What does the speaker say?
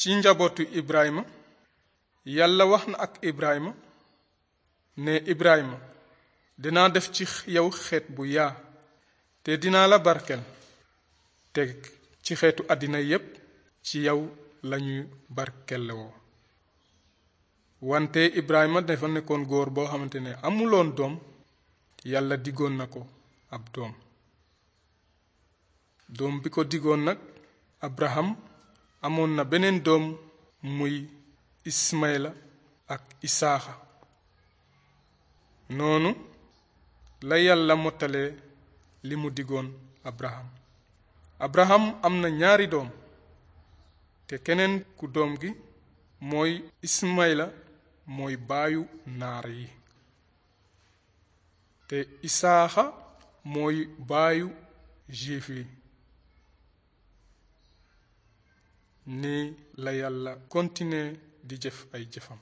ci njabootu Ibrahima yàlla wax na ak Ibrahima ne Ibrahima dinaa def ci yow xeet bu yaa te dinaa la barkel teg ci xeetu àddina yépp ci yow lañuy barkelewoo wante Ibrahima dafa nekkoon góor boo xamante ne amuloon doom yàlla diggoon na ko ab doom doom bi ko diggoon nag Abraham amoon na beneen doom muy ismaila ak isaaxa noonu la yàlla mottalee li mu digoon abraham abraham am na ñaari doom te keneen ku doom gi mooy ismaila mooy baayu naar yi te isaaxa mooy baayu juif yi ni la yàlla continuer di jëf ay jëfam